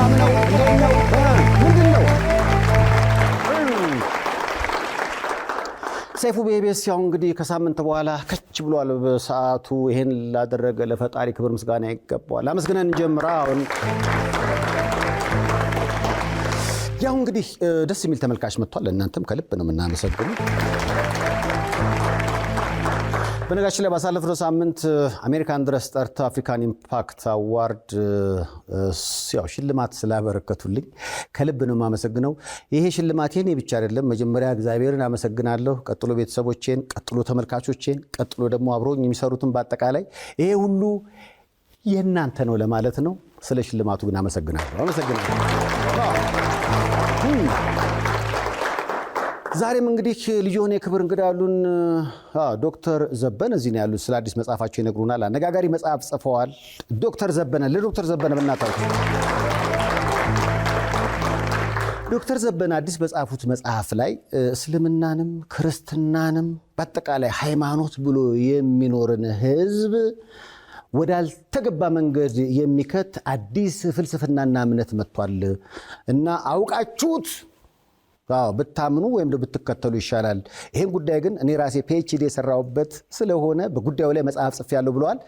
ሰላም ነው? ነው? ምንድን ነው? ሰይፉ ቤቤስ ያው እንግዲህ ከሳምንት በኋላ ከች ብሏል። በሰዓቱ ይሄን ላደረገ ለፈጣሪ ክብር ምስጋና ይገባዋል። አመስግነን ጀምራ አሁን ያው እንግዲህ ደስ የሚል ተመልካች መጥቷል። እናንተም ከልብ ነው የምናመሰግኑ። በነጋችን ላይ ባሳለፍነው ሳምንት አሜሪካን ድረስ ጠርታ አፍሪካን ኢምፓክት አዋርድ ያው ሽልማት ስላበረከቱልኝ ከልብ ነው የማመሰግነው። ይሄ ሽልማት የኔ ብቻ አይደለም። መጀመሪያ እግዚአብሔርን አመሰግናለሁ፣ ቀጥሎ ቤተሰቦቼን፣ ቀጥሎ ተመልካቾቼን፣ ቀጥሎ ደግሞ አብሮኝ የሚሰሩትን በአጠቃላይ ይሄ ሁሉ የእናንተ ነው ለማለት ነው። ስለ ሽልማቱ ግን አመሰግናለሁ አመሰግናለሁ። ዛሬም እንግዲህ ልዩ የሆነ የክብር እንግዳ ያሉን ዶክተር ዘበነ እዚህ ነው ያሉት። ስለ አዲስ መጽሐፋቸው ይነግሩናል። አነጋጋሪ መጽሐፍ ጽፈዋል። ዶክተር ዘበነ ለዶክተር ዘበነ ብናታው ዶክተር ዘበነ አዲስ በጻፉት መጽሐፍ ላይ እስልምናንም ክርስትናንም በአጠቃላይ ሃይማኖት ብሎ የሚኖርን ሕዝብ ወዳልተገባ መንገድ የሚከት አዲስ ፍልስፍናና እምነት መጥቷል እና አውቃችሁት ብታምኑ ወይም ብትከተሉ ይሻላል። ይህን ጉዳይ ግን እኔ ራሴ ፒኤችዲ የሰራሁበት ስለሆነ በጉዳዩ ላይ መጽሐፍ ጽፌያለሁ ብለዋል።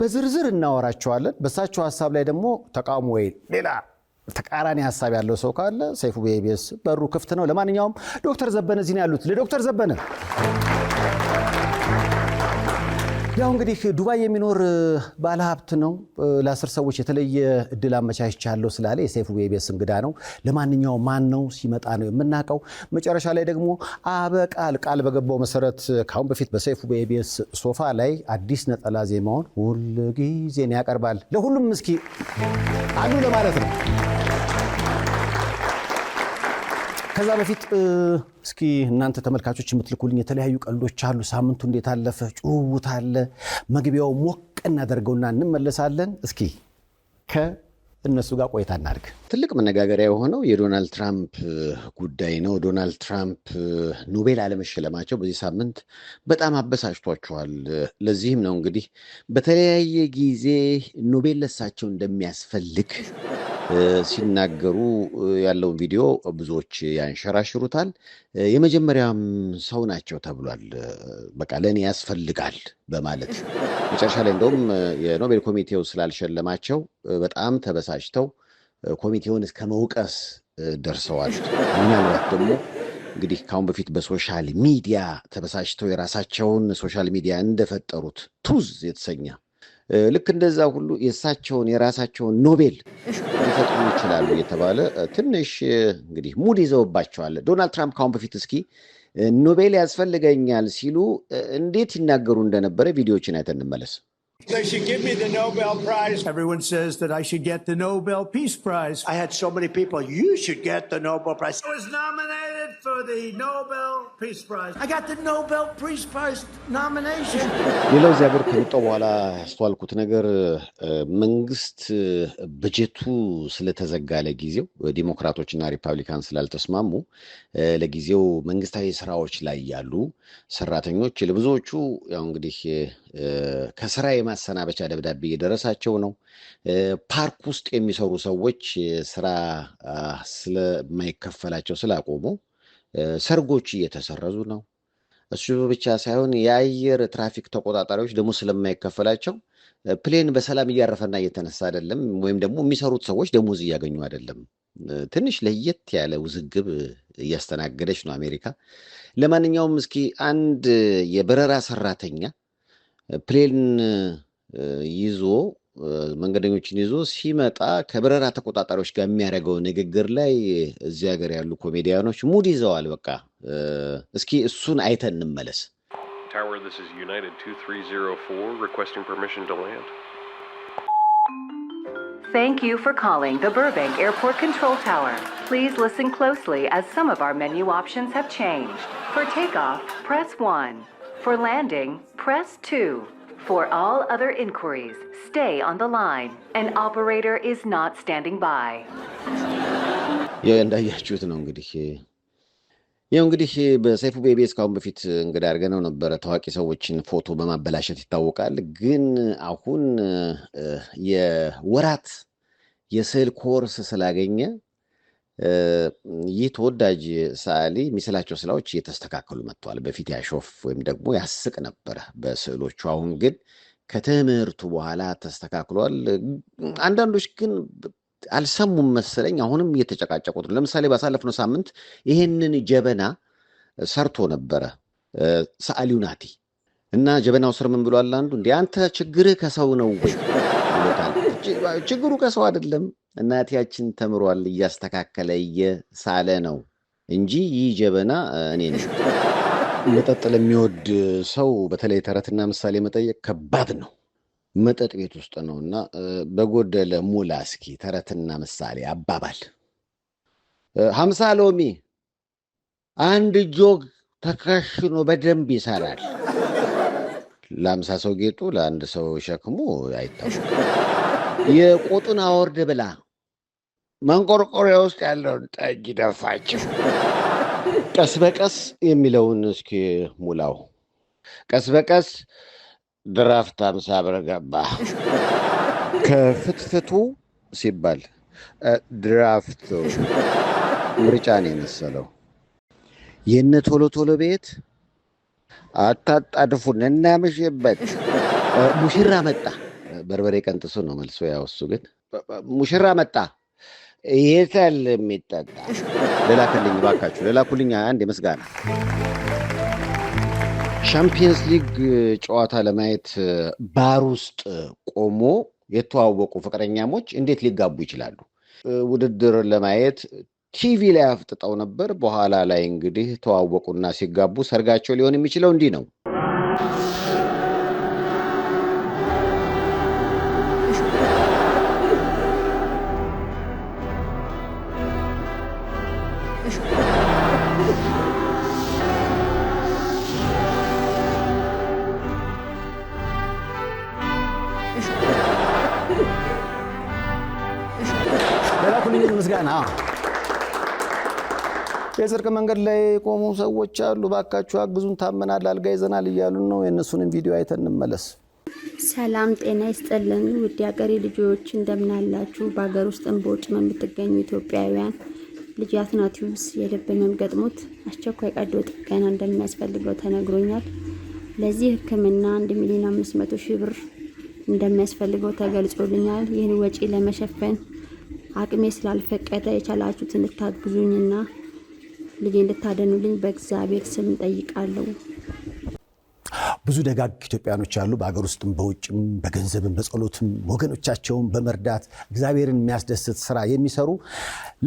በዝርዝር እናወራቸዋለን። በእሳቸው ሀሳብ ላይ ደግሞ ተቃውሞ ወይ ሌላ ተቃራኒ ሀሳብ ያለው ሰው ካለ ሰይፉ በኢቢኤስ በሩ ክፍት ነው። ለማንኛውም ዶክተር ዘበነ እዚህ ነው ያሉት። ለዶክተር ዘበነ ያው እንግዲህ ዱባይ የሚኖር ባለሀብት ነው። ለአስር ሰዎች የተለየ እድል አመቻችቻለሁ ስላለ የሰይፉ የኢቢኤስ እንግዳ ነው። ለማንኛውም ማን ነው ሲመጣ ነው የምናውቀው። መጨረሻ ላይ ደግሞ አበቃል። ቃል በገባው መሰረት ከአሁን በፊት በሰይፉ በኢቢኤስ ሶፋ ላይ አዲስ ነጠላ ዜማውን ሁልጊዜ ያቀርባል። ለሁሉም እስኪ አሉ ለማለት ነው። ከዛ በፊት እስኪ እናንተ ተመልካቾች የምትልኩልኝ የተለያዩ ቀልዶች አሉ። ሳምንቱ እንዴት አለፈ? ጭውውት አለ። መግቢያው ሞቅ እናደርገውና እንመለሳለን። እስኪ ከእነሱ ጋር ቆይታ እናድርግ። ትልቅ መነጋገሪያ የሆነው የዶናልድ ትራምፕ ጉዳይ ነው። ዶናልድ ትራምፕ ኖቤል አለመሸለማቸው በዚህ ሳምንት በጣም አበሳጭቷቸዋል። ለዚህም ነው እንግዲህ በተለያየ ጊዜ ኖቤል ለሳቸው እንደሚያስፈልግ ሲናገሩ ያለውን ቪዲዮ ብዙዎች ያንሸራሽሩታል። የመጀመሪያም ሰው ናቸው ተብሏል። በቃ ለእኔ ያስፈልጋል በማለት መጨረሻ ላይ እንደውም የኖቤል ኮሚቴው ስላልሸለማቸው በጣም ተበሳጭተው ኮሚቴውን እስከ መውቀስ ደርሰዋል። ምናልባት ደግሞ እንግዲህ ከአሁን በፊት በሶሻል ሚዲያ ተበሳጭተው የራሳቸውን ሶሻል ሚዲያ እንደፈጠሩት ቱዝ የተሰኘ ልክ እንደዛ ሁሉ የእሳቸውን የራሳቸውን ኖቤል ሊፈጥሩ ይችላሉ እየተባለ ትንሽ እንግዲህ ሙድ ይዘውባቸዋል። ዶናልድ ትራምፕ ካሁን በፊት እስኪ ኖቤል ያስፈልገኛል ሲሉ እንዴት ይናገሩ እንደነበረ ቪዲዮዎችን አይተን እንመለስ። ኖቤል ፒስ ፕራይዝ ሌላው እዚህ ሀገር በኋላ ያስተዋልኩት ነገር መንግስት በጀቱ ስለተዘጋ ለጊዜው ዲሞክራቶችና ሪፐብሊካን ስላልተስማሙ ለጊዜው መንግስታዊ ስራዎች ላይ ያሉ ሰራተኞች ለብዙዎቹ ያው እንግዲህ ከስራ የማሰናበቻ ደብዳቤ እየደረሳቸው ነው። ፓርክ ውስጥ የሚሰሩ ሰዎች ስራ ስለማይከፈላቸው ስላቆሙ ሰርጎች እየተሰረዙ ነው። እሱ ብቻ ሳይሆን የአየር ትራፊክ ተቆጣጣሪዎች ደግሞ ስለማይከፈላቸው ፕሌን በሰላም እያረፈና እየተነሳ አይደለም፣ ወይም ደግሞ የሚሰሩት ሰዎች ደሞዝ እያገኙ አይደለም። ትንሽ ለየት ያለ ውዝግብ እያስተናገደች ነው አሜሪካ። ለማንኛውም እስኪ አንድ የበረራ ሰራተኛ ፕሌን ይዞ መንገደኞችን ይዞ ሲመጣ ከበረራ ተቆጣጣሪዎች ጋር የሚያደርገው ንግግር ላይ እዚህ ሀገር ያሉ ኮሜዲያኖች ሙድ ይዘዋል። በቃ እስኪ እሱን አይተን እንመለስ። Thank you for calling the Burbank Airport Control Tower. Please listen closely as some of our menu options have changed. For takeoff, press 1. For landing, press 2. For all other inquiries, Stay on the line. An operator is not standing by. ያው እንዳያችሁት ነው እንግዲህ ያው እንግዲህ በሰይፉ ቤቢስ እስካሁን በፊት እንግዳ አድርገነው ነበረ። ታዋቂ ሰዎችን ፎቶ በማበላሸት ይታወቃል። ግን አሁን የወራት የስዕል ኮርስ ስላገኘ ይህ ተወዳጅ ሰዓሊ የሚስላቸው ስራዎች እየተስተካከሉ መጥተዋል። በፊት ያሾፍ ወይም ደግሞ ያስቅ ነበረ በስዕሎቹ። አሁን ግን ከትምህርቱ በኋላ ተስተካክሏል። አንዳንዶች ግን አልሰሙም መሰለኝ አሁንም እየተጨቃጨቁት ነው። ለምሳሌ ባሳለፍነው ሳምንት ይሄንን ጀበና ሰርቶ ነበረ ሰዓሊው ናቲ እና ጀበናው ስር ምን ብሏል? አንዱ እንደ አንተ ችግርህ ከሰው ነው ወይ? ችግሩ ከሰው አይደለም። እናቲያችን ተምሯል፣ እያስተካከለ እየሳለ ነው እንጂ ይህ ጀበና እኔ ነው መጠጥ ለሚወድ ሰው በተለይ ተረትና ምሳሌ መጠየቅ ከባድ ነው። መጠጥ ቤት ውስጥ ነው እና በጎደለ ሙላ እስኪ ተረትና ምሳሌ አባባል ሀምሳ ሎሚ አንድ ጆግ ተካሽኖ በደንብ ይሰራል። ለአምሳ ሰው ጌጡ፣ ለአንድ ሰው ሸክሙ አይታወቅም። የቆጡን አወርድ ብላ መንቆርቆሪያ ውስጥ ያለውን ጠጅ ደፋችው። ቀስ በቀስ የሚለውን እስኪ ሙላው። ቀስ በቀስ ድራፍት አምሳ ብር ገባ። ከፍትፍቱ ሲባል ድራፍቱ ምርጫን የመሰለው የነ ቶሎ ቶሎ ቤት አታጣድፉን እናምሽበት። ሙሽራ መጣ በርበሬ ቀንጥሱ ነው መልሶ። ያወሱ። ግን ሙሽራ መጣ የታል የሚጠጣ አንድ ምስጋና። ሻምፒየንስ ሊግ ጨዋታ ለማየት ባር ውስጥ ቆሞ የተዋወቁ ፍቅረኛሞች እንዴት ሊጋቡ ይችላሉ? ውድድር ለማየት ቲቪ ላይ አፍጥጠው ነበር። በኋላ ላይ እንግዲህ ተዋወቁና ሲጋቡ ሰርጋቸው ሊሆን የሚችለው እንዲህ ነው። ምስጋና የጽድቅ መንገድ ላይ የቆሙ ሰዎች አሉ። ባካችሁ አግዙን፣ ታመናል፣ አልጋ ይዘናል እያሉ ነው። የእነሱንም ቪዲዮ አይተን እንመለስ። ሰላም ጤና ይስጥልን ውድ ሀገሬ ልጆች እንደምናላችሁ። በሀገር ውስጥም ነው የምትገኙ ኢትዮጵያውያን ልጅ አትናቲዩስ የልብ ህመም ገጥሞት አስቸኳይ ቀዶ ጥገና እንደሚያስፈልገው ተነግሮኛል። ለዚህ ህክምና አንድ ሚሊዮን አምስት መቶ ሺህ ብር እንደሚያስፈልገው ተገልጾልኛል። ይህን ወጪ ለመሸፈን አቅሜ ስላልፈቀደ የቻላችሁት እንድታግዙኝና ልጄ እንድታደኑልኝ በእግዚአብሔር ስም እንጠይቃለሁ። ብዙ ደጋግ ኢትዮጵያኖች አሉ፣ በሀገር ውስጥም በውጭም በገንዘብም በጸሎትም ወገኖቻቸውን በመርዳት እግዚአብሔርን የሚያስደስት ስራ የሚሰሩ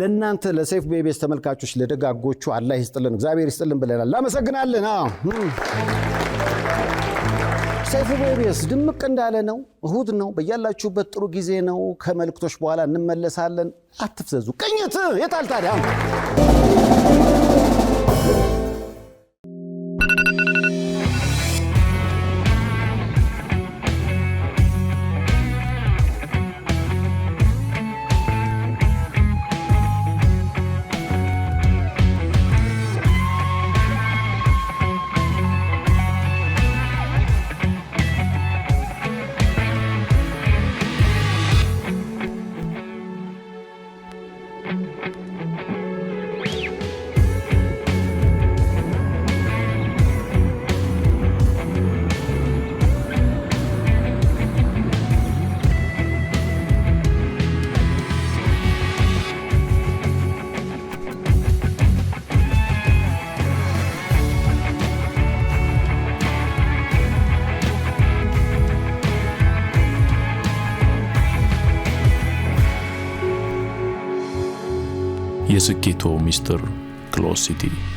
ለእናንተ ለሴፍ ቤቤስ ተመልካቾች ለደጋጎቹ አላህ ይስጥልን፣ እግዚአብሔር ይስጥልን ብለናል። እናመሰግናለን። ሰይፉ በኢቢኤስ ድምቅ እንዳለ ነው። እሁድ ነው። በያላችሁበት ጥሩ ጊዜ ነው። ከመልእክቶች በኋላ እንመለሳለን። አትፍዘዙ። ቅኝት የታል ታዲያ? የስኬቶ ሚስጥር ክሎዝ ሲቲ